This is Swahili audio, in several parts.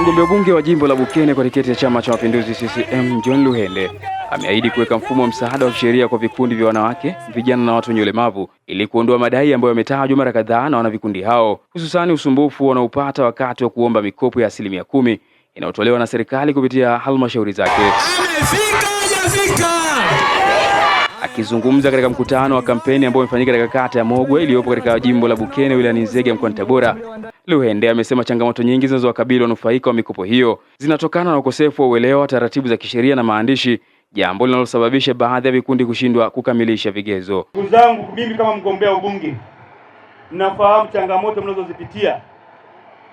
Mgombea ubunge wa jimbo la Bukene kwa tiketi ya Chama cha Mapinduzi CCM John Luhende ameahidi kuweka mfumo wa msaada wa kisheria kwa vikundi vya wanawake, vijana na watu wenye ulemavu ili kuondoa madai ambayo yametajwa mara kadhaa na wanavikundi hao, hususani usumbufu wanaopata wakati wa kuomba mikopo ya asilimia kumi inayotolewa na serikali kupitia halmashauri zake. Akizungumza katika mkutano wa kampeni ambao umefanyika katika kata ya Mogwe iliyopo katika jimbo la Bukene wilayani Nzega mkoani Tabora, Luhende amesema changamoto nyingi zinazowakabili wanufaika wa mikopo hiyo zinatokana na ukosefu wa uelewa wa taratibu za kisheria na maandishi, jambo linalosababisha baadhi ya vikundi kushindwa kukamilisha vigezo. Ndugu zangu, mimi kama mgombea ubunge nafahamu changamoto mnazozipitia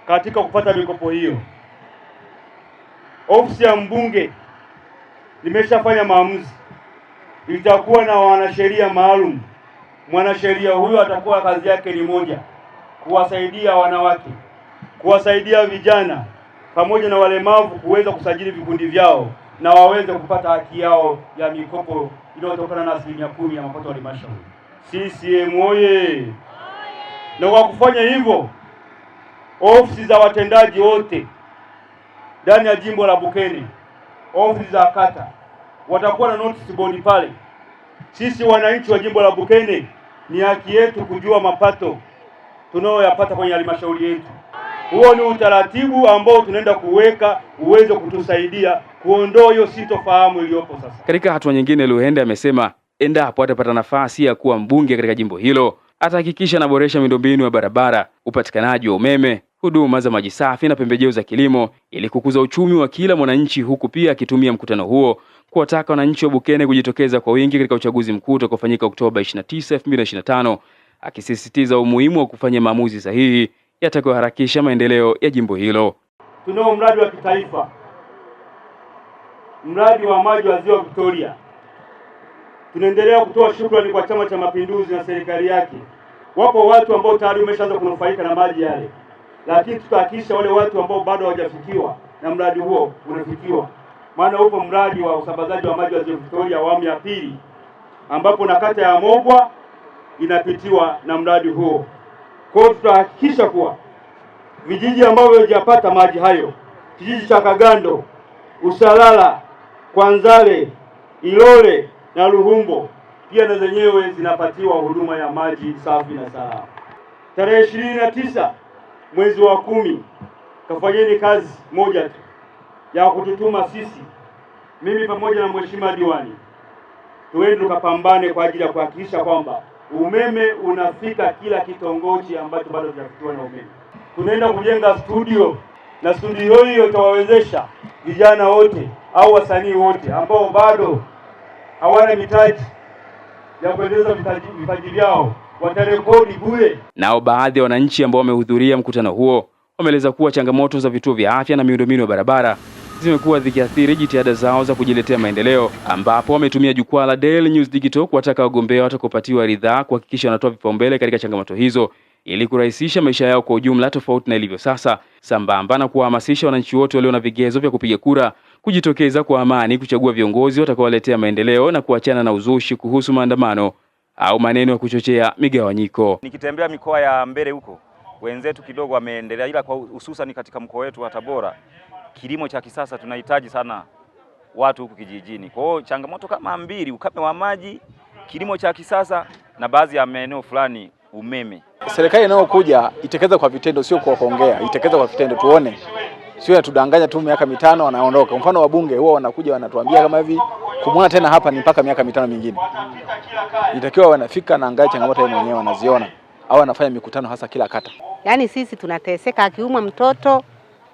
katika kupata mikopo hiyo. Ofisi ya mbunge limeshafanya maamuzi litakuwa na wanasheria maalum. Mwanasheria huyo atakuwa kazi yake ni moja, kuwasaidia wanawake, kuwasaidia vijana pamoja na walemavu kuweza kusajili vikundi vyao na waweze kupata haki yao ya mikopo inayotokana na asilimia kumi ya mapato ya halmashauri. CCM oye! Na kwa kufanya hivyo, ofisi za watendaji wote ndani ya jimbo la Bukene, ofisi za kata watakuwa na notice board pale. Sisi wananchi wa jimbo la Bukene ni haki yetu kujua mapato tunayoyapata kwenye halmashauri yetu. Huo ni utaratibu ambao tunaenda kuweka uweze kutusaidia kuondoa hiyo sitofahamu iliyopo sasa. Katika hatua nyingine, Luhende amesema endapo atapata nafasi ya kuwa mbunge katika jimbo hilo atahakikisha anaboresha miundombinu ya barabara, upatikanaji wa umeme huduma za maji safi na pembejeo za kilimo ili kukuza uchumi wa kila mwananchi, huku pia akitumia mkutano huo kuwataka wananchi wa Bukene kujitokeza kwa wingi katika uchaguzi mkuu utakaofanyika Oktoba 29, 2025, akisisitiza umuhimu wa kufanya maamuzi sahihi yatakayoharakisha maendeleo ya jimbo hilo. Tunao mradi wa kitaifa, mradi wa maji wa Ziwa Victoria. Tunaendelea kutoa shukrani kwa Chama cha Mapinduzi na serikali yake. Wapo watu ambao tayari wameshaanza kunufaika na maji yale lakini tutahakikisha wale watu ambao bado hawajafikiwa na mradi huo unafikiwa, maana upo mradi wa usambazaji wa maji wa Ziwa Victoria awamu ya pili, ambapo na kata ya Mogwa inapitiwa na mradi huo. Kwa hiyo tutahakikisha kuwa vijiji ambavyo vijapata maji hayo, kijiji cha Kagando, Usalala, Kwanzale, Ilole na Luhumbo pia na zenyewe zinapatiwa huduma ya maji safi na salama. Tarehe ishirini na tisa mwezi wa kumi, kafanyeni kazi moja tu ya kututuma sisi, mimi pamoja na mheshimiwa diwani, tuende tukapambane kwa ajili ya kuhakikisha kwamba umeme unafika kila kitongoji ambacho bado kinafikiwa na umeme. Tunaenda kujenga studio na studio hiyo itawawezesha vijana wote au wasanii wote ambao bado hawana mitaji ya kuendeleza vipaji vyao watarekodi bure. Nao baadhi ya wananchi ambao wamehudhuria mkutano huo wameeleza kuwa changamoto za vituo vya afya na miundombinu ya barabara zimekuwa zikiathiri jitihada zao za kujiletea maendeleo, ambapo wametumia jukwaa la Daily News Digital kuwataka wagombea watakopatiwa ridhaa kuhakikisha wanatoa vipaumbele katika changamoto hizo ili kurahisisha maisha yao kwa ujumla, tofauti na ilivyo sasa, sambamba na kuwahamasisha wananchi wote walio na vigezo vya kupiga kura kujitokeza kwa amani kuchagua viongozi watakaowaletea maendeleo na kuachana na uzushi kuhusu maandamano au maneno ya kuchochea migawanyiko. Nikitembea mikoa ya mbele huko, wenzetu kidogo wameendelea, ila kwa hususani katika mkoa wetu wa Tabora, kilimo cha kisasa tunahitaji sana watu huku kijijini. Kwa hiyo changamoto kama mbili, ukame wa maji, kilimo cha kisasa na baadhi ya maeneo fulani umeme. Serikali inayokuja itekeza kwa vitendo, sio kwa kuongea, itekeza kwa vitendo, tuone, sio atudanganya tu miaka mitano wanaondoka. Mfano wabunge huwa wanakuja wanatuambia kama hivi kumwona tena hapa ni mpaka miaka mitano mingine. Itakiwa wanafika na angalia changamoto yao wenyewe wanaziona, au anafanya mikutano hasa kila kata. Yaani sisi tunateseka, akiumwa mtoto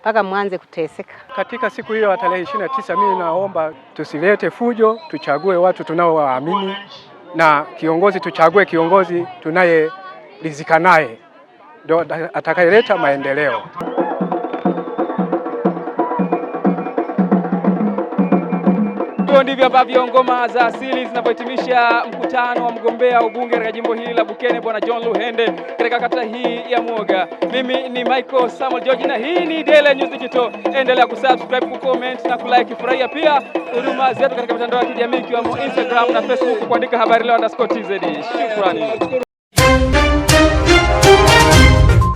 mpaka mwanze kuteseka. Katika siku hiyo ya tarehe ishirini na tisa, mimi naomba tusilete fujo, tuchague watu tunaowaamini na kiongozi, tuchague kiongozi tunayeridhika naye ndio atakayeleta maendeleo. Hivyo ndivyo ambavyo ngoma za asili zinavyohitimisha mkutano wa mgombea ubunge katika jimbo hili la Bukene, Bwana John Luhende katika kata hii ya Mwoga. Mimi ni Michael Samuel George na hii ni Daily News Digital. Endelea kusubscribe, kucomment na kulike. Furahia pia huduma zetu katika mitandao ya kijamii ikiwemo Instagram na Facebook kuandika habari leo underscore tz. Shukrani.